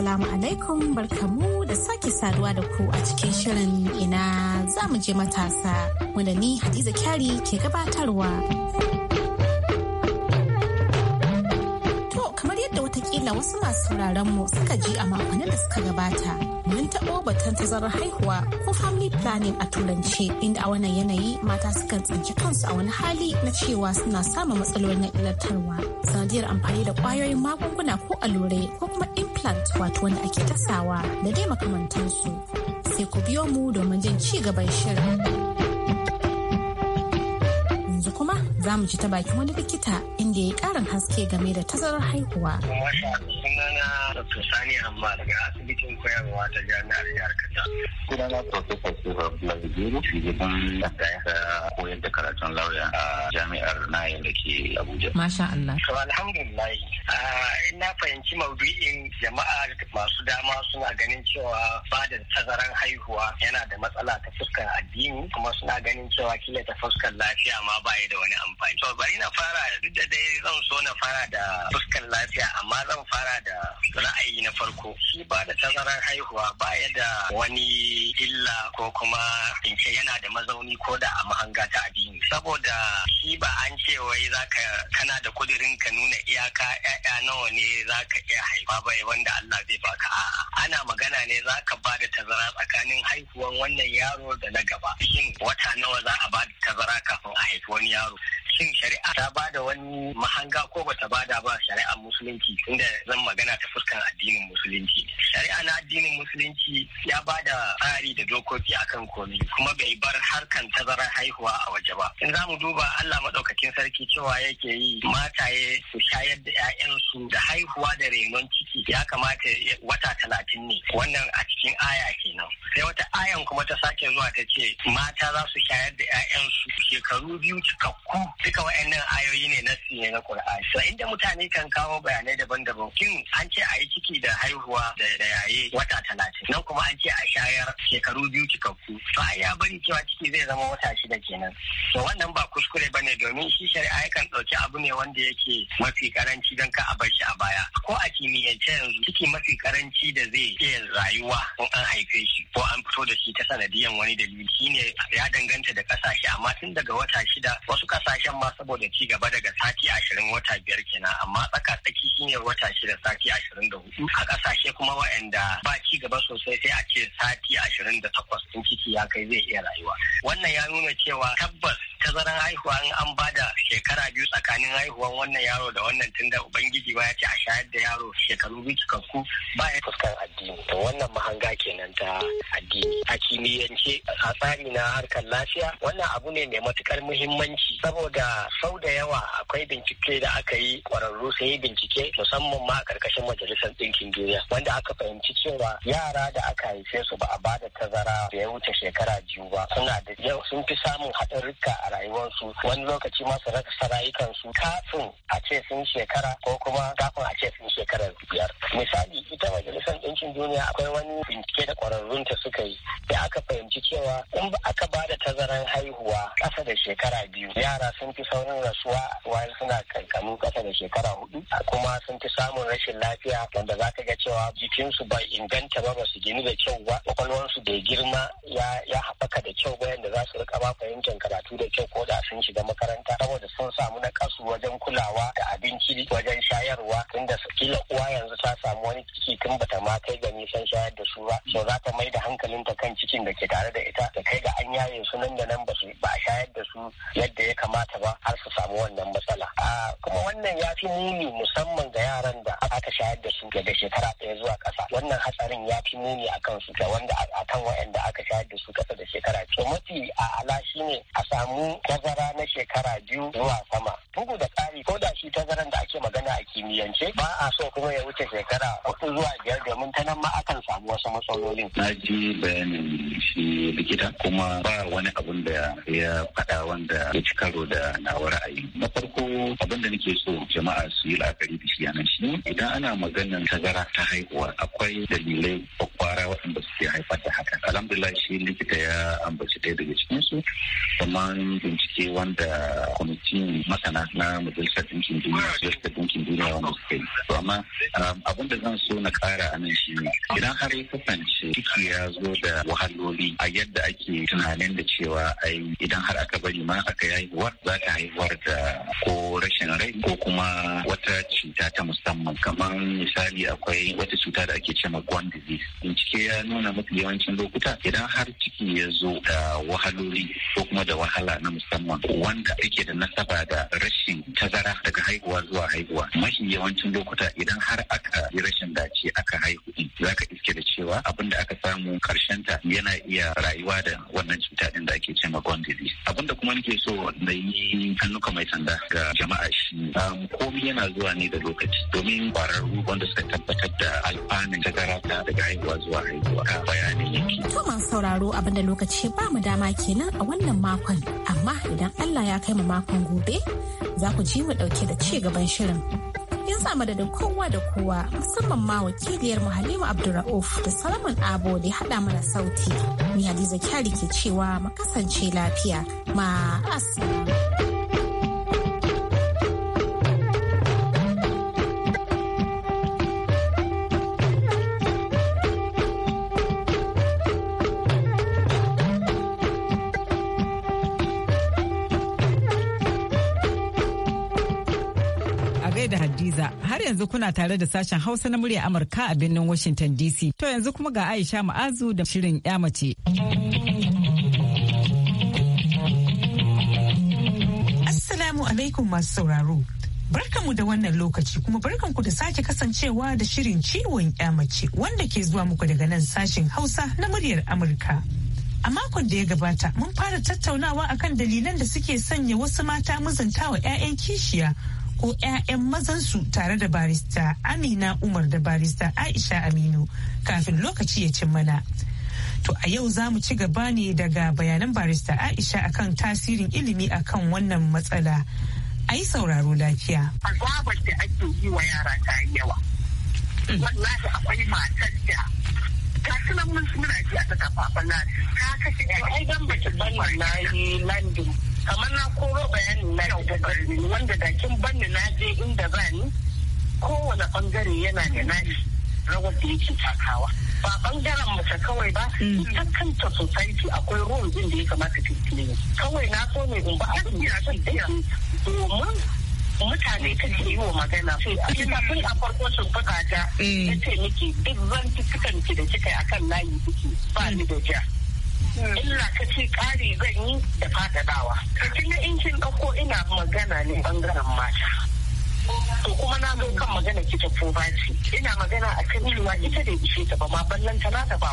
Assalamu alaikum barkamu da sake saduwa da ku a cikin shirin ina za mu je matasa wanda ni Hadiza Kyari ke gabatarwa. to kamar yadda watakila wasu masu mu suka ji a makonnin da suka gabata mun taɓo batun tazarar haihuwa ko family planning a turanci inda a wannan yanayi mata sukan tsinci kansu a wani hali na cewa suna samun matsalolin illatarwa sanadiyar amfani da ƙwayoyin magunguna ko allurai ko kuma implant wato wanda ake tasawa da dai makamantansu sai ku biyo mu domin jin ci gaban shirin. yanzu kuma za mu ci ta bakin wani likita inda ya yi ƙarin haske game da tazarar haihuwa. sunana Dr. Sani Amma daga asibitin koyarwa ta jami'ar jihar Katsina. Sunana Professor Sura Blazibiru, shugaban da koyar da karatun lauya a jami'ar Nayin da ke Abuja. Masha Allah. To alhamdulillah. Na fahimci maudu'in jama'a masu dama suna ganin cewa ba da tazaran haihuwa yana da matsala ta fuskar addini kuma suna ganin cewa kila ta fuskar lafiya ma ba da wani amfani. To bari na fara duk da dai zan so na fara da fuskar lafiya amma zan fara yana da ra'ayi na farko shi ba da tazarar haihuwa ba ya da wani illa ko kuma in yana da mazauni ko da a mahanga ta addini saboda shi ba an ce wai zaka kana da kudirin ka nuna iyaka 'ya'ya nawa ne zaka iya haifa ba wanda Allah zai baka a'a ana magana ne zaka ba da tazara tsakanin haihuwan wannan yaro da na gaba shin wata nawa za a ba da tazara kafin a haifi wani yaro shin shari'a ta ba da wani mahanga ko bata ba da ba shari'a musulunci inda zan magana ta fuskan addinin musulunci shari'a na addinin musulunci ya ba da tsari da dokoki akan komi kuma bai bar harkan tazarar haihuwa a waje ba in za mu duba Allah maɗaukakin sarki cewa yake yi mataye su shayar da 'ya'yansu da haihuwa da renon ciki ya kamata wata talatin ne wannan a cikin aya kenan sai wata ayan kuma ta sake zuwa ta ce mata za su shayar da 'ya'yansu shekaru biyu cikakku duka wa'annan ayoyi ne na siye na Qur'ani. So inda mutane kan kawo bayanai daban-daban kin an ce a yi ciki da haihuwa da yaye wata talatin nan kuma an ce a shayar shekaru biyu cikakku. To a ya bari cewa ciki zai zama wata shida kenan. To wannan ba kuskure ba ne domin shi shari'a yakan ɗauki abu ne wanda yake mafi karanci don ka a bar shi a baya. Ko a kimiyyance yanzu ciki mafi karanci da zai iya rayuwa in an haife shi ko an fito da shi ta sanadiyan wani dalili shine ya danganta da kasashe amma tun daga wata shida wasu kasashen shan ma saboda ci gaba daga sati ashirin wata biyar kenan amma tsaka tsaki shine wata shida sati ashirin da hudu a kasashe kuma wa'anda ba ci gaba sosai sai a ce sati ashirin da takwas in ciki ya kai zai iya rayuwa wannan ya nuna cewa tabbas tazaran haihuwa in an bada shekara biyu tsakanin haihuwan wannan yaro da wannan tunda ubangiji ba ya ce a shayar da yaro shekaru biyu cikakku ba ya fuskan addini to wannan mahanga kenan ta addini a kimiyyance a tsari na harkar lafiya wannan abu ne mai matukar muhimmanci saboda sau da yawa akwai bincike da aka yi kwararru sai bincike musamman ma a karkashin majalisar ɗinkin duniya wanda aka fahimci cewa yara da aka haife su ba a ba da tazara da ya wuce shekara biyu ba suna da yau sun fi samun haɗarurruka a rayuwar rayuwarsu wani lokaci ma su rasa rayukansu kafin a ce sun shekara ko kuma kafin a ce sun shekara biyar misali ita majalisar ɗinkin duniya akwai wani bincike da ƙwararrun ta suka yi da aka fahimci cewa in ba aka ba da tazaran haihuwa ƙasa da shekara biyu yara sun fi saurin rasuwa wani suna kankamu ƙasa da shekara hudu kuma sun fi samun rashin lafiya wanda za ka ga cewa jikinsu bai inganta ba ba su gini da kyau ba kwakwalwarsu bai girma ya haɓaka da kyau ba yadda za su rika ba fahimtar karatu da kyau kyau ko da sun shiga makaranta saboda sun samu na kasu wajen kulawa da abinci wajen shayarwa tunda kila uwa yanzu ta samu wani ciki tun bata ma kai ga nisan shayar da su ba so za ta mai da ta kan cikin da ke tare da ita da kai ga an yaye su nan da nan ba su a shayar da su yadda ya kamata ba har su samu wannan matsala kuma wannan ya fi muni musamman ga yaran da aka shayar da su daga shekara ɗaya zuwa ƙasa wannan hatsarin ya fi muni a kansu da wanda a kan waɗanda aka shayar da su ƙasa da shekara to mafi a ala shine a samu tazara na shekara biyu zuwa sama bugu da ƙari ko da shi tazaran da ake magana a kimiyyance ba a so kuma ya wuce shekara hudu zuwa biyar domin ta nan ma akan samu wasu matsalolin. na ji bayanin shi likita kuma ba wani abun da ya faɗa wanda ya ci karo da nawa ra'ayi na farko abin da nake so jama'a su yi la'akari da shi yanan shi idan ana maganar tazara ta haihuwa akwai dalilai kwakwara waɗanda suke haifar da haka alhamdulillah shi likita ya ambaci ɗaya daga cikinsu kamar bincike wanda kwamitin masana na majalisar ɗinkin duniya majalisar ɗinkin duniya wanda suka yi to amma um, abin da zan so na ƙara a nan shi ne idan har ya kasance ciki ya zo da wahaloli a yadda ake tunanin da cewa ai idan har aka bari ma aka yi haihuwar za ta haihuwar da ko rashin rai ko kuma wata cuta ta musamman kamar misali akwai wata cuta da ake cewa gwan disease bincike ya nuna mafi yawancin lokuta idan har ciki ya zo da wahaloli ko kuma da wahala na na musamman wanda ake da nasaba da rashin tazara daga haihuwa zuwa haihuwa mafi yawancin lokuta idan har aka yi rashin dace aka haihu za ka iske da cewa abin da aka samu karshen ta yana iya rayuwa da wannan cuta din da ake cewa gone disease abin da kuma nake so na yi hannuka mai sanda ga jama'a shi um, komi yana zuwa ne da lokaci domin kwararru wanda suka tabbatar da alfanun tazara ta daga haihuwa zuwa haihuwa ka bayani yake. To sauraro abin da lokaci ba mu dama kenan a wannan makon amma amma idan Allah ya kai mu makon gobe za ku ji mu ɗauke da ci gaban shirin. In yanzu madadin kowa da kowa musamman ma wakiliyar mu Halima Abdulra'uf da Salaman Abo da haɗa mana sauti. Ni Hadiza Kyari ke cewa mu kasance lafiya. ma'as. da Hadiza. Har yanzu kuna tare da sashen Hausa na murya Amurka a birnin Washington DC. To yanzu kuma ga Aisha Ma'azu da shirin yamace. mace. Assalamu alaikum masu sauraro. Barkanmu da wannan lokaci kuma barkanku da sake kasancewa da shirin ciwon mace wanda ke zuwa muku daga nan sashen Hausa na muryar Amurka. A makon da ya gabata mun fara tattaunawa akan dalilan da suke sanya wasu mata muzantawa 'ya'yan kishiya ko 'ya'yan mazansu tare da barista amina umar da barista aisha aminu kafin lokaci ya cin mana to a yau za mu ci gaba ne daga bayanan barista aisha akan tasirin ilimi akan wannan matsala a yi sauraro lafiya azabar da ake yi wa yara ta yawa mm. akwai matar da nan mun suna ji a ta kafafa na ta kashe ai dan mace ban na yi landin kamar na koro bayani na yau wanda da kin banni na je inda ba ni kowane bangare yana da nashi rawar da yake takawa ba bangaren mace kawai ba mm. ta kanta society akwai ruwan din da ya kamata ta yi kawai na so ne in ba a domin mutane ta ke yi wa magana sai mm. a yi tafi a farko sun fuka ta mm. ya ce miki duk zan cikin ki da kika akan layi kuke ba ni da ja illa ta ce ƙari zan yi da faɗaɗawa. Kaci na injin ɗauko ina magana ne ɓangaren mata. To kuma na zo kan magana kita ko baci. Ina magana a kan cewa ita da ishe ta ba ma ballan ta na ta ba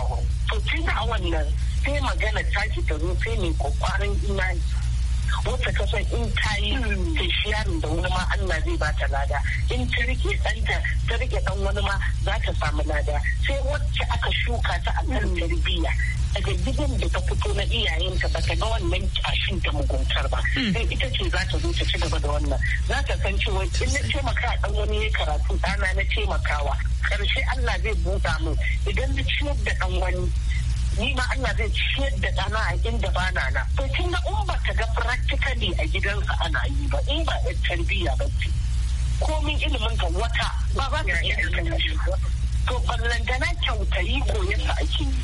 To tun da wannan sai magana ta ki ta zo sai mai kwakwarin imani. wacce ka san in ta yi sai da wani ma Allah zai ba ta lada in ta rike ɗanta ta rike ɗan wani ma za ta samu lada sai wacce aka shuka ta a kan tarbiyya daga gidan da ta fito na iyayenta ba ta ga wannan kyashin da muguntar ba hmm. sai ita ce za ta zo ta ci gaba da wannan za ta san cewa in na taimaka ɗan wani ya karatu ɗana na taimakawa karshe Allah zai buɗa min idan na ciyar da ɗan wani ni ma Allah zai ciyar da ɗana a inda ba na na to tun ga in ta ga practically a gidansa ana yi ba in ba yan tarbiyya ba ce komin ilimin ka wata ba ba ka iya aikata to ballantana kyautayi koyarsa ake yi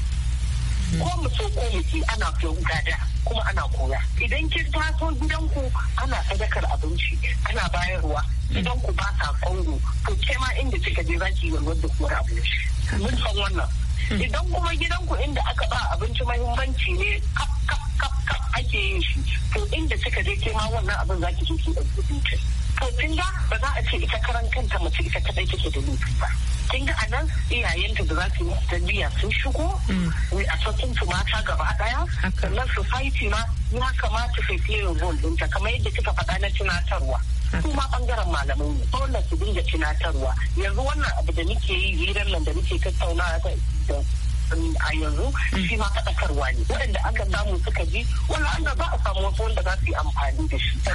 ko mu so ko mu ci ana koyon gada kuma ana koya idan kin taso gidanku ana sadakar abinci ana bayarwa gidanku ba sa kongo to ke ma inda kika je za ki yi warwar da kora abinci mun san wannan idan kuma gidanku inda aka ba abinci mahimmanci ne kap kap kap kap ake yin shi to inda kika je ke ma wannan abin za ki je ki ɗauki dutse to kin ga ba za a ce ita karan kanta mace ita kadai take da ni ba kin ga anan iyayenta da za su yi tarbiyya sun shigo Wai a cikin su mata gaba daya sannan society ma ya kamata su fiye role dinta kamar yadda kika faɗa na tunatarwa kuma bangaren malamai ne dole su dinga tunatarwa yanzu wannan abu da muke yi hirar nan da muke tattaunawa da a yanzu shi ma faɗakarwa ne waɗanda aka samu suka ji wani an ba a samu wasu wanda za su yi amfani da shi da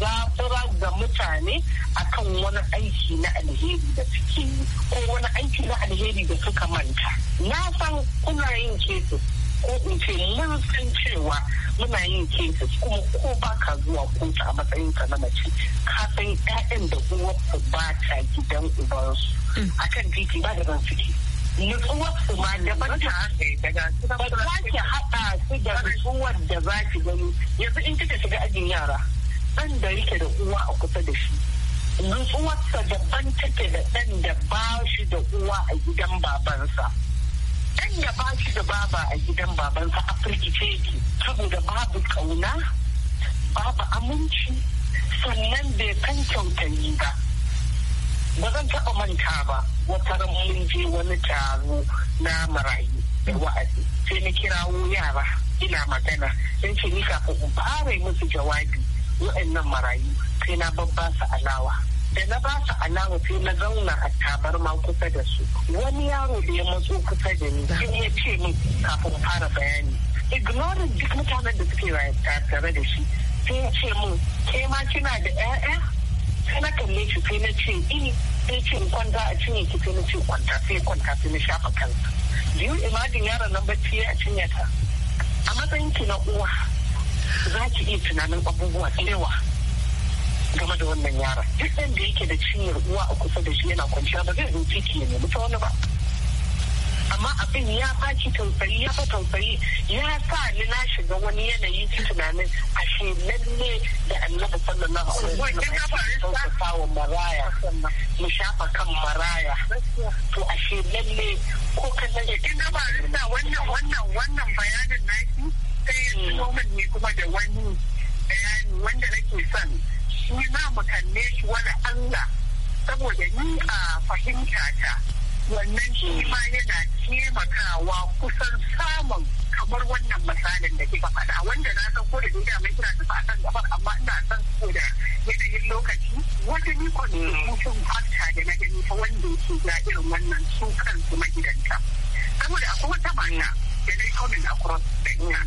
zafura ga mutane a kan wani aiki na alheri da suke yi ko wani aiki na alheri da suka manta na san kuna yin kesu ko in ce mun san cewa muna yin kesis kuma ko ba ka zuwa kotu a matsayin ka na mace ka san 'ya'yan da uwarku ba ta gidan ubansu mm. akan titi ba da ban suke nutsuwar su ma daban ba za haɗa su da nutsuwar da za ki gani yanzu in kika shiga ajin yara ɗan da yake da uwa a kusa da shi nutsuwarsa daban take da ɗan da ba shi da uwa a gidan babansa ɗan da ba shi da baba a gidan babansa a firgice yake saboda babu ƙauna babu aminci sannan bai kan kyautayi ba ba zan taɓa manta ba wata mun je wani taro na marayu da wa'azi sai na kirawo yara ina magana sai ce ni kafin in fara musu jawabi wa'annan marayu sai na babba su alawa da na ba su alawa sai na zauna a tabarma kusa da su wani yaro da ya matso kusa da ni sai ya ce min kafin fara bayani ignoring duk mutanen da suke tare da shi sai ya ce min ke ma kina da 'ya'ya sai na kalle shi sai na ce in sai ce kwanta a cinye ki sai na ce kwanta sai kwanta sai na shafa kansa biyu imajin yaron nan bacci ya cinye ta a matsayin ki na uwa za ki iya tunanin abubuwa tsewa game da wannan yaron duk da yake da cinyar uwa a kusa da shi yana kwanciya ba zai zo ciki ya nemi ta wani ba amma abin ya baki tausayi ya fa tausayi ya sa ni na shiga wani yanayi ta tunanin a shi lalle da annabi sallallahu alaihi sallam ya kawo maraya mu shafa kan maraya to a shi lalle ko kan da kin ga ba wannan wannan wannan bayanin shi sai moment ne kuma da wani bayani wanda nake son shi ma mu kalle shi wani Allah saboda ni a fahimta ta wannan shi ma yana taimakawa kusan samun kamar wannan misalin da kika faɗa wanda na san ko da duniya mai kira tafi a kan gabar amma ina san ko da yanayin lokaci wata ni mutum factor da na gani ta wanda yake ga irin wannan su kansu magidanta saboda akwai wata manya mm. da na coming across da ina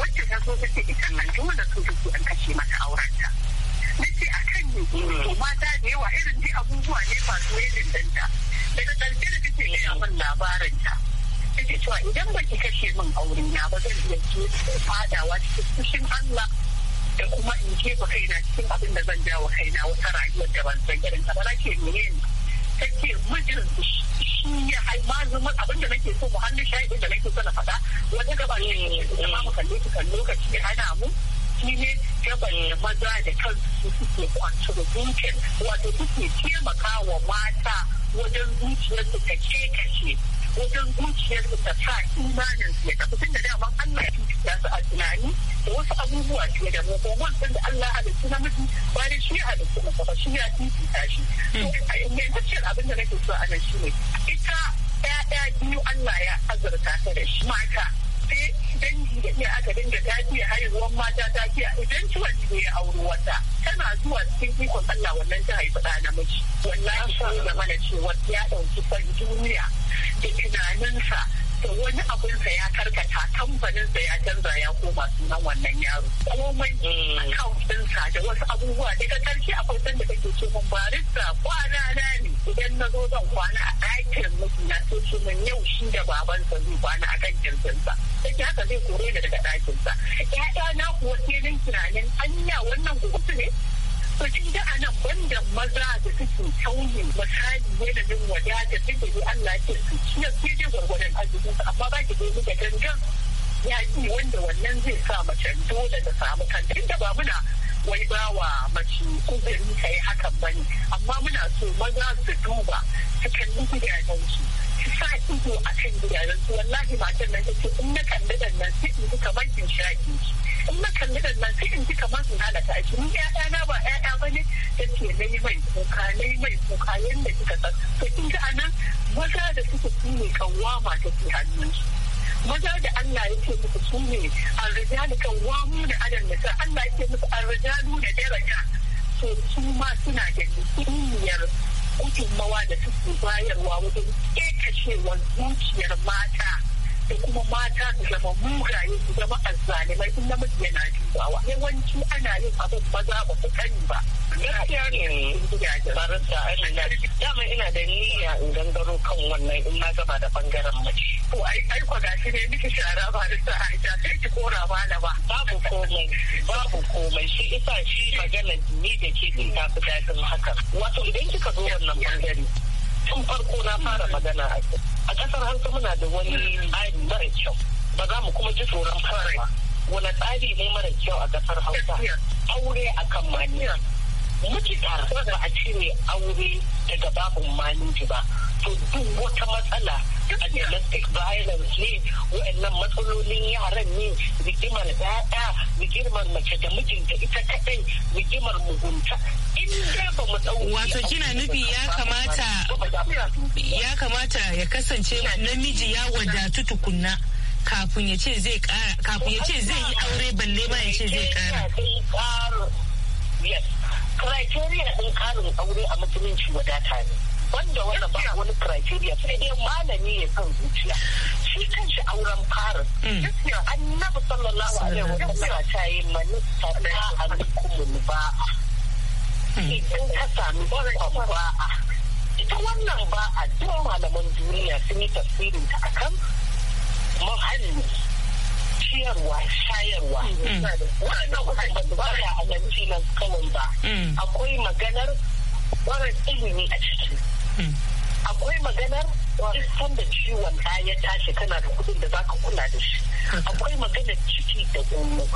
wacce ta so take ita nan dole su take an kashe mata aurenta na ce a kan ne mm. mata da yawa irin dai abubuwa ne ba su daga ƙarshe da take gaya min labarin ta take cewa idan ba ki kashe min aure na ba zan iya ke fadawa cikin fushin Allah da kuma in ba kaina cikin abin da zan jawo kaina wata rayuwar da ban san irin ta ba na ke mene ta ce mijin shi ya zuma abin da nake so mu hannu shahidin da nake so na faɗa wata gaba ne da ma mu kan lokaci hana mu shi ne gaban maza da kansu suke kwanci da wato suke taimaka wa mata wajen zuciyar su ta ce kashe wajen zuciyar su ta sa imanin su ya tafi tun da dama Allah ya su a tunani da wasu abubuwa fiye da mu kuma da Allah halittu na miji ba da shi halittu na ba shi ya cuta shi. Mai tafiyar abin da nake so a nan shi ita ɗaya biyu Allah ya azurta ta da shi mata sai dangi da ne aka dinga a haihuwar mata ta tafiya idan ciwon ne ya auri wata tana zuwa cikin ikon Allah wannan ta haifi ɗa namiji wallahi shi ne mana cewa ya ɗauki san duniya da tunaninsa to wani sa ya karkata Kamfanin sa ya canza ya koma sunan wannan yaro komai mm. account sa da wasu abubuwa daga karshe akwai da kake so mun barista kwana na ne idan na zo zan kwana a ɗakin mijina so ce mun yau shi da babansa zai kwana a kan sa sai haka zai kore da daga ɗakinsa na kuwa sai tunanin anya wannan gugutu ne to da a nan banda maza da suke sauyi misali yanayin da duk da Allah ke su shi ya fi dai gwargwadon arzikin amma ba ki gani da gangan yaƙi wanda wannan zai sa mace dole da samu kanta inda ba muna wai ba wa mace kuzari ta yi hakan ba ne amma muna so maza su duba su kalli su sa ido a kan gidajen su wallahi matan nan ta ce in na kalli da nan sai in ji kamar in sha in na kalli da nan sai in ji kamar in halata aiki ni ƴaƴa na ba ƴaƴa ba ne ta ce na yi mai kuka na yi mai kuka yadda kika san to kin ga anan maza da suka su ne kawama ta ke hannunsu maza da Allah ya ce musu su ne arrijalu kawamu da adam da Allah ya ce musu arrijalu da daraja to su ma suna da kimiyyar gudunmawa da suke bayarwa wajen ƙetacewar zuciyar mata da kuma mata su zama mugaye su zama azzalimai in namiji yana dubawa yawanci ana yin abin maza ba su sani ba gaskiya ne barista amina dama ina da niyya in gangaro kan wannan in na gaba da bangaren mace to ai ai kwa gashi ne miki shara barista aisha sai ki kora ba. babu komai shi isa shi magana ne da ke din ta fi haka wato idan kika zo wannan bangare tun farko na fara magana a a ƙasar hausa muna da wani tsari mara kyau ba za mu kuma ji tsoron fara wani tsari ne mara kyau a ƙasar hausa aure akan maniya muke tare ba a ce aure daga babu maniji ba to duk wata matsala A domestic violence ne wa'annan matsalolin yaran ne rigimar ɗaya rigimar mace da mijinta ita kaɗai rigimar mugunta wato kina nufi ya kamata ya kamata ya kasance namiji ya wadatu tukunna kafin ya ce zai kara kafin ya ce zai yi aure balle ba ya ce zai kara criteria din karin aure a musulunci wadata ne Wanda wanda ba wani criteria sai dai malami ya san zuciya shi kanshi auren farin mm. gaskiya annabi sallallahu alaihi wa sallam ta yi manista ta alkumun ba'a idan ka sami a ita wannan ba'a duk malaman duniya sun yi tafsirin ta akan muhalli ciyarwa shayarwa mm. wannan wani ba alamci nan kawai ba mm. akwai maganar barin ilimi a ciki akwai maganar duk da ciwon ta ya tashi kana da kudin da zaka kula da shi akwai maganar ciki da gumu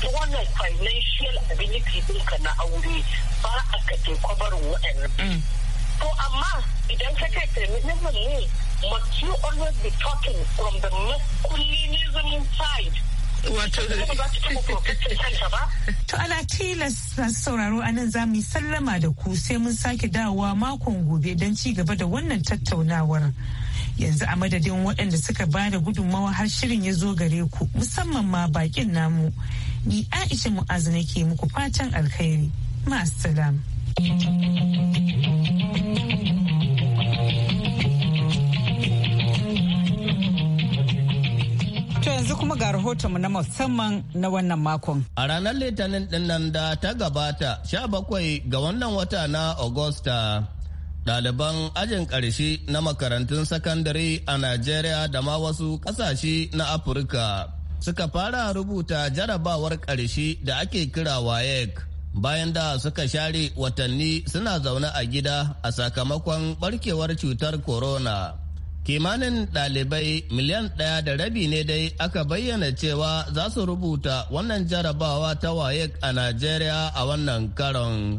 ta wannan financial ability ɗinka na aure ba a ka ke kwabarin mm. to amma idan ka kai feminism ne must you always be talking from the masculinism side wato to ana tilasta sauraro anan za mu yi sallama da ku sai mun sake dawowa makon gobe don ci gaba da wannan tattaunawar yanzu a madadin waɗanda suka ba da gudunmawa har shirin ya zo gare ku musamman ma bakin namu ni aisha mu'azu nake muku fatan alkhairi ma'asalam yanzu kuma ga rahotonmu na musamman na wannan makon. A ranar Litinin ɗinnan da ta gabata sha bakwai ga wannan wata na Agusta, ɗaliban ajin ƙarshe na makarantun sakandare a Najeriya da ma wasu ƙasashe na Afirka suka fara rubuta jarabawar ƙarshe da ake kira WAEC. bayan da suka share watanni suna zaune a gida a sakamakon barkewar cutar corona kimanin ɗalibai miliyan ɗaya da rabi ne dai aka bayyana cewa za su rubuta wannan jarabawa ta wayek a najeriya a wannan karon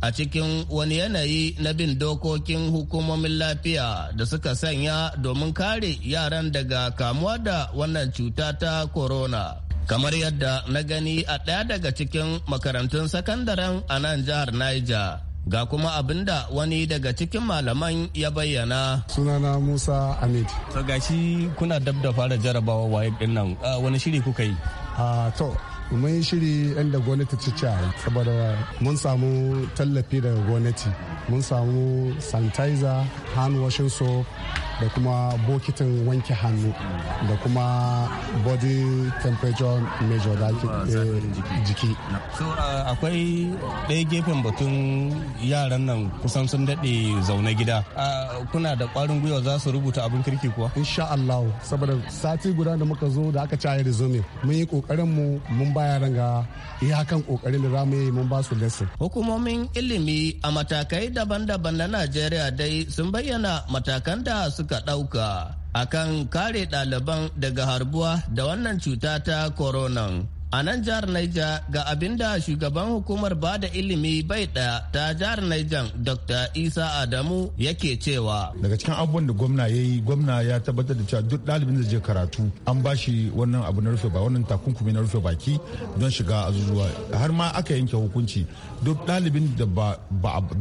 a cikin wani yanayi na bin dokokin hukumomin lafiya da suka sanya domin kare yaran daga kamuwa da wannan cuta ta corona kamar yadda na gani a ɗaya daga cikin makarantun sakandaren a nan jihar niger ga kuma abin da wani daga cikin malaman ya bayyana. Sunana Musa Amid. To gashi kuna dab da fara jarabawa waye din nan wani shiri kuka yi? to mun yi shiri inda gwamnati ta ce saboda mun samu tallafi daga gwamnati mun samu sanitizer hand washing soap da kuma bokitin wanke hannu da kuma body temperature measure da ake eh, jiki so uh, akwai ɗaya gefen batun yaran nan kusan sun daɗe zaune gida uh, kuna da ƙwarin gwiwa za su rubuta abin kirki kuwa insha Allah saboda sati guda da muka zo da aka caya resume mun yi ƙoƙarin mu mun ba yaran ga iyakan ƙoƙarin da zamu yi mun ba su lesson hukumomin ilimi a matakai daban-daban na Najeriya dai sun bayyana matakan da su suka ɗauka akan kare ɗaliban daga harbuwa da wannan cuta ta coronan A nan jihar naija ga abin da shugaban hukumar ba da ilimi bai ɗaya ta jihar Naija Dr. Isa Adamu yake cewa. Daga cikin abubuwan da gwamna ya yi gwamna ya tabbatar da cewa duk ɗalibin da zai karatu an ba shi wannan abu na rufe ba wannan takunkumi na rufe baki don shiga azuzuwa har ma aka yanke hukunci duk ɗalibin da ba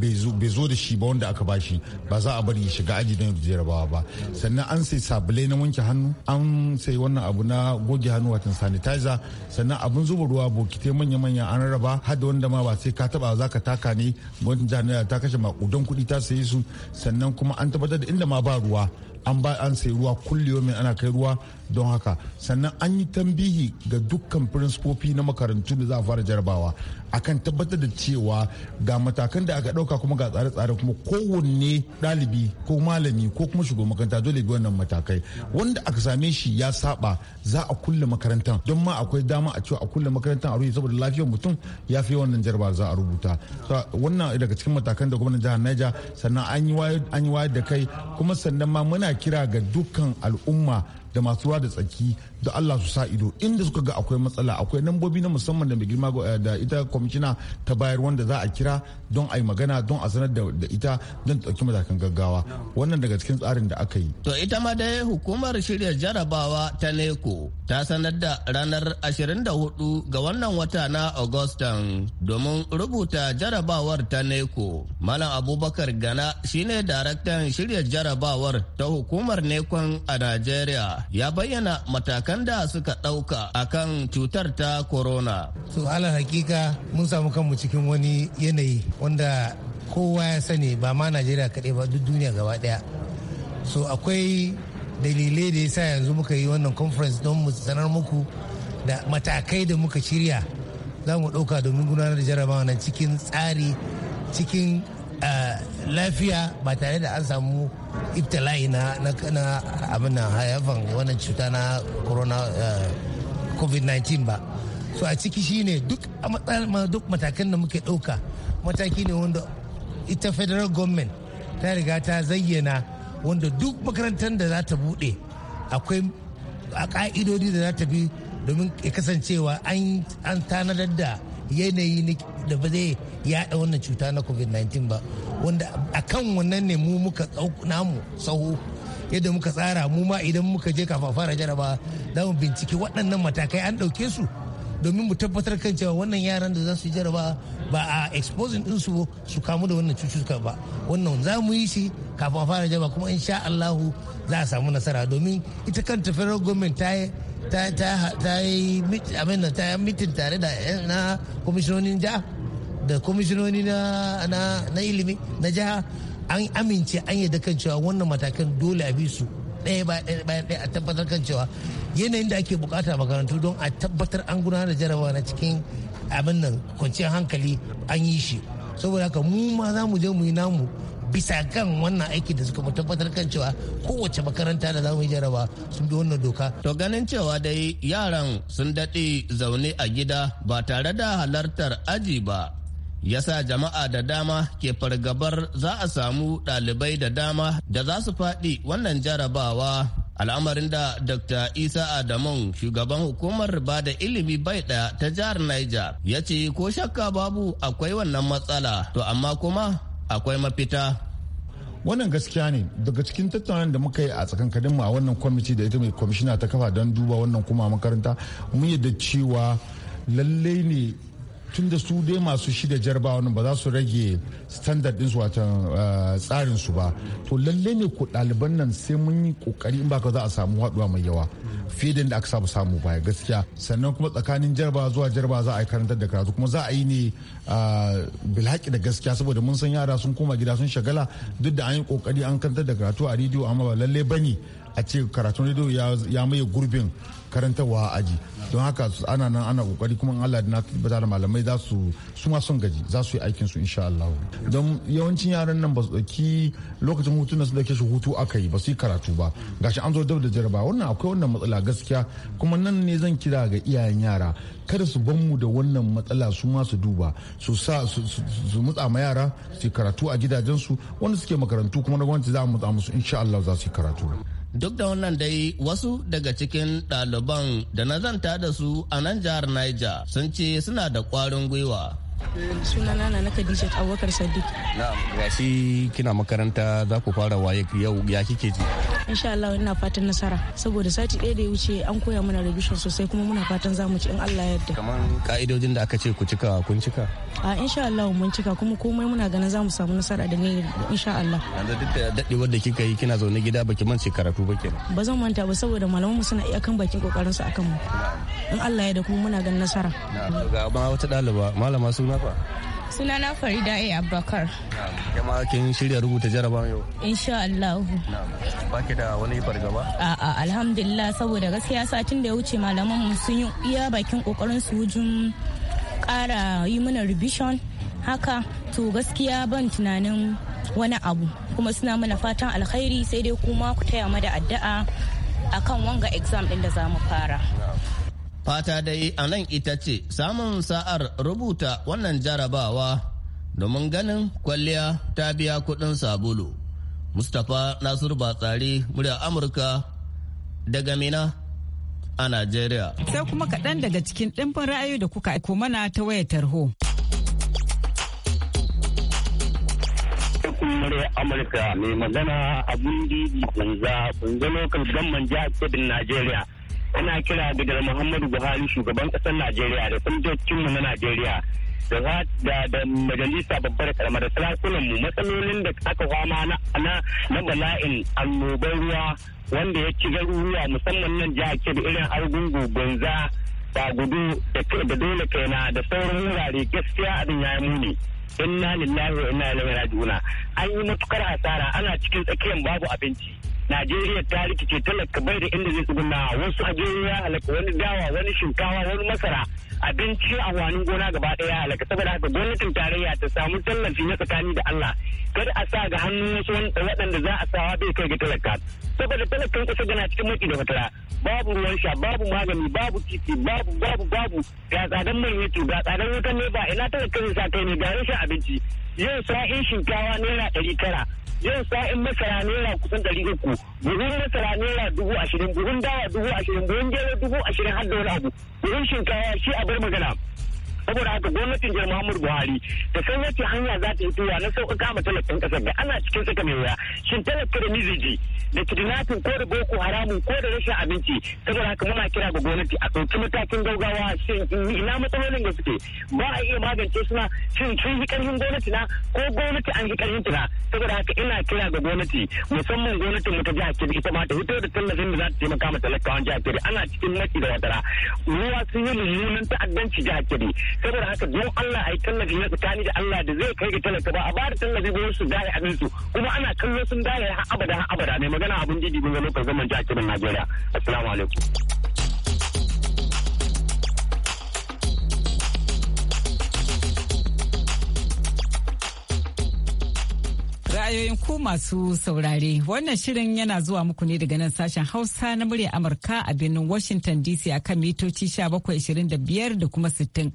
bai zo da shi ba wanda aka ba shi ba za a bari shiga aji don jarabawa ba sannan an sai sabulai na wanke hannu an sai wannan abu na goge hannu watan sanitizer sannan na abun zuba ruwa bokitai manya-manya an raba har da wanda ma ba sai ka taba za ka taka ne gwamnatin jami'a ta kashe makudan kuɗi ta sayi su sannan kuma an tabbatar da inda ma ba ruwa an ba an sai ruwa kulliyomi ana kai ruwa don haka sannan an yi tambihi ga dukkan firinsifofi na makarantu da za a fara jarabawa akan tabbatar da cewa ga matakan da aka dauka kuma ga tsare-tsare kuma kowanne dalibi ko malami ko kuma shugaban makaranta dole bi wannan matakai wanda aka same shi ya saba za a kulle makarantar don ma akwai dama a cewa a kulle makarantar a rubuta saboda lafiyar mutum ya fi wannan jarabawa za a rubuta wannan daga cikin matakan da gwamnatin jihar Niger sannan an yi wayar da kai kuma sannan ma muna kira ga dukkan al'umma da masu ruwa da tsaki da Allah su sa ido inda suka ga akwai matsala akwai nambobi na musamman da mai girma eh, da ita kwamishina ta bayar wanda za a kira don a yi magana don a sanar da ita don ɗauki matakan gaggawa wannan daga cikin tsarin da aka yi. To ita ma dai hukumar shirya jarabawa ta neko ta sanar da ranar 24 ga wannan wata na Agustan domin rubuta jarabawar ta neko. Malam Abubakar Gana shine daraktan shirya jarabawar ta hukumar nekon a Najeriya. ya bayyana matakan da suka ɗauka a kan cutar ta corona. To ala hakika mun samu kanmu cikin wani yanayi wanda kowa ya sani ba ma Najeriya kaɗai ba duk duniya gaba ɗaya. So akwai dalilai da yasa yanzu muka yi wannan conference don mu sanar muku da matakai da muka shirya za mu ɗauka domin gudanar da jarabawa nan cikin tsari cikin ah, lafiya ba tare da an samu iftila'i na abin hayafan wani cuta na corona eh, covid-19 ba so a ciki shine duk duk matakan da muke ɗauka mataki ne wanda ita federal government ta riga ta zayyana wanda duk makarantar da za ta buɗe akwai a ƙa'idodi da za ta bi domin kasancewa an tanadar da yanayi da ba zai yada wannan cuta na covid-19 ba wanda a kan wannan ne mu muka namu sahu yadda muka tsara mu ma idan muka je kafa fara jaraba za mu binciki waɗannan matakai an ɗauke su domin mu tabbatar kan cewa wannan yaran da za su jaraba ba a exposing ɗinsu su kamu da wannan cututtuka ba wannan za mu yi shi kafin fara jaraba kuma insha Allahu za a samu nasara domin ita kanta federal government ta ta yi mitin tare da eh, na kwamishinonin jiha da kwamishinoni na ilimi na jiha an amince an yi kan cewa wannan matakan dole a bi su ɗaya bayan ɗaya a tabbatar kan cewa yanayin da ake bukata makarantu don a tabbatar an gudanar da jarabawa na cikin abin nan kwanciyar hankali an yi shi saboda haka mu ma za mu je mu yi namu bisa kan wannan aiki da suka tabbatar kan cewa kowace makaranta da zamu yi jaraba sun bi wannan doka. To ganin cewa dai yaran sun daɗe zaune a gida ba tare da halartar aji ba. Yasa jama'a da dama ke fargabar za a samu ɗalibai da dama da za su faɗi wannan jarabawa al'amarin da dr isa adamun shugaban hukumar ba da ilimi bai ɗaya ta jihar niger ya ce ko shakka babu akwai wannan matsala to amma kuma akwai mafita wannan gaskiya ne daga cikin tattaunan da muka yi a tsakankanin mu a wannan kwamiti da ita mai kwamishina ta kafa don duba wannan kuma makaranta mun yadda cewa lallai ne tun da su dai masu shida jarabawa ba za su rage standard ɗinsu wata eh, tsarin su ba to lalle ne ko ɗaliban nan sai mun yi kokari in baka za a samu haɗuwa mai yawa fiye da inda aka saba samu baya gaskiya sannan kuma tsakanin jarba zuwa jarba za a yi karantar da karatu kuma za a yi ne eh, bilhaki da gaskiya saboda mun san yara sun koma gida sun shagala duk da an yi kokari an karantar da karatu a rediyo amma ba lalle bane a ce karatun rediyo ya maye gurbin karantarwa a aji don haka ana nan ana kokari kuma Allah na tabbata da malamai za su su ma son gaji za su yi aikin su insha Allah don yawancin yaran nan ba su dauki lokacin hutu na su dauke shi hutu aka yi ba su yi karatu ba gashi an zo dab da jaraba wannan akwai wannan matsala gaskiya kuma nan ne zan kira ga iyayen yara kada su ban mu da wannan matsala su ma su duba su sa su mutsa ma yara su karatu a gidajensu wanda suke makarantu kuma na gwamnati za a mutsa musu insha Allah za su yi karatu Duk da wannan dai wasu daga cikin ɗaliban da na zanta da su a nan jihar Niger sun ce suna da ƙwarin gwiwa sunana na Khadija Abubakar Sadiq. na gashi kina makaranta za ku fara waye yau ya kike ji? Insha Allah ina fatan nasara saboda sati ɗaya da ya wuce an koya mana revision sosai kuma muna fatan za mu ci in Allah ya yarda. Kaman ka'idojin da aka ce ku cika kun cika? A insha Allah mun cika kuma komai muna ganin za mu samu nasara da ne insha Allah. Yanzu duk da dadewar da kika yi kina zaune gida baki mance karatu ba kenan. Ba zan manta ba saboda mu suna iya kan bakin kokarin su akan mu. In Allah ya yarda kuma muna ganin nasara. Ga ma wata ɗaliba malama su suna fa? Suna na Farida A. Abubakar. yin shirya rubuta jaraba yau? Insha Allah. Ba ke da wani fargaba? A'a alhamdulillah saboda gaskiya satin da ya wuce malaman mu sun yi iya bakin kokarin su wujin kara yi mana revision haka to gaskiya ban tunanin wani abu kuma suna mana fatan alkhairi sai dai kuma ku taya mada addu'a akan wanga exam din da za mu fara. Fata dai a nan ita ce samun sa'ar rubuta wannan jarabawa domin ganin kwalliya ta biya kuɗin sabulu. Mustapha Nasir Batsari murya Amurka daga Mina a Najeriya. Sai kuma kaɗan daga cikin ɗimbin ra'ayoyi da kuka aiko mana ta wayar tarho. murya Amurka mai magana abun didi kunza kunza lokal gamman jihar Kebbi Najeriya. ana kira daga Muhammadu Buhari shugaban ƙasar Najeriya da mu na Najeriya da da majalisa babbar karamar da sarakunan mu matsalolin da aka fama na na bala'in annobar ruwa wanda ya ci garuruwa musamman nan jihar da irin argungu gonza da gudu da dole kaina da sauran wurare gaskiya abin ya muni inna lillahi wa inna ilaihi raji'un an yi matukar asara ana cikin tsakiyar babu abinci Najeriya ta rikice talaka bai da inda zai tsuguna wasu ajiyoyi halaka wani dawa wani shinkawa wani masara abinci a wani gona gaba daya halaka saboda haka gwamnatin tarayya ta samu tallafi na tsakani da Allah kada a sa ga hannun wasu waɗanda za a sawa bai kai ga talaka saboda talakan kusa gana cikin maki da fatara babu ruwan sha babu magani babu titi babu babu babu ga tsadan man yato ga tsadan wutan ne ba ina talakan sa kai ne ga rashin abinci yau sa'in shinkawa naira ɗari tara yau sa'in masara naira kusan ɗari uku buhun masara naira dubu ashirin buhun dawa dubu ashirin buhun gero dubu ashirin har da wani abu buhun shinkawa shi a bar magana saboda haka gwamnatin jihar muhammadu buhari da yace hanya za ta yi tuwa na sauƙin kama talakin ƙasar da ana cikin saka mai wuya shin talaka da miziji da kidnapping ko da boko haramun ko da rashin abinci saboda haka muna kira ga gwamnati a ɗauki matakin gaugawa shin ina matsalolin da suke ba a iya magance suna shin sun yi ƙarfin gwamnati na ko gwamnati an yi ƙarfin tuna saboda haka ina kira ga gwamnati musamman gwamnatin mu ta jihar kebbi ita ma ta fito da tallafin da za ta taimaka ma talakawan jihar kebbi ana cikin maki da watara ruwa sun yi mummunan ta'addanci jihar kebbi saboda haka don Allah a yi tallafi na tsakani da Allah da zai kai ga talaka ba a ba da tallafi ba su dare abin su kuma ana kallo sun dare har abada har abada mai magana abin didi ga lokacin zaman jakirin Najeriya assalamu alaikum ra'ayoyin ku masu saurare wannan shirin yana zuwa muku ne daga nan sashen hausa na murya amurka a birnin washington dc akan mitoci 1725 da kuma 60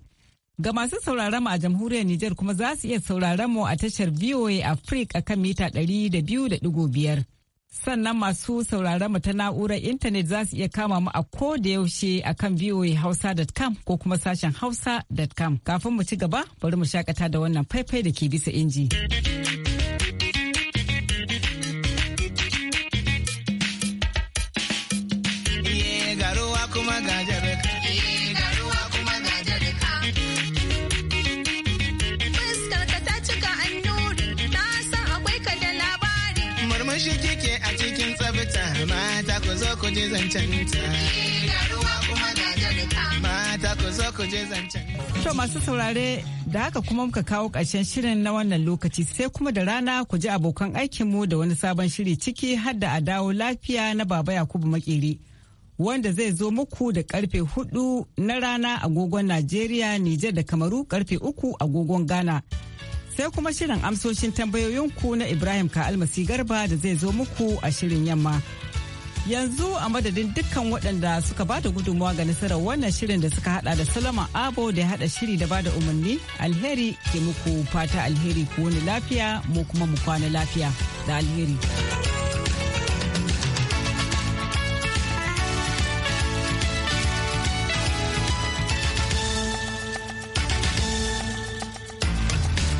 Ga masu sauraron mu a jamhuriyar Nijar kuma za su iya sauraron mu a tashar VOA Africa akan mita biyar Sannan masu sauraron mu ta na'urar intanet za su iya kama mu a ko da yaushe akan voahausa.com ko kuma sashen hausa.com. Kafin mu ci gaba, bari mu shakata da wannan faifai da ke bisa inji. murmushi kike a cikin tsabta mata ku zo ku ji mata ku zo ku to masu saurare da haka kuma muka kawo ƙarshen shirin na wannan lokaci sai kuma da rana ku ji abokan aikinmu da wani sabon shiri ciki har da a dawo lafiya na baba yakubu makeri wanda zai zo muku da karfe hudu na rana agogon najeriya nijar da kamaru karfe uku agogon ghana sai kuma shirin amsoshin tambayoyin ku na Ibrahim ka almasi Garba da zai zo muku a shirin yamma. Yanzu a madadin dukkan waɗanda suka ba da gudunmawa ga nasarar wannan shirin da suka hada da Salama Abo da ya hada shiri da ba da umarni alheri ke muku fata alheri ku wani lafiya mu kuma mu kwana lafiya da alheri.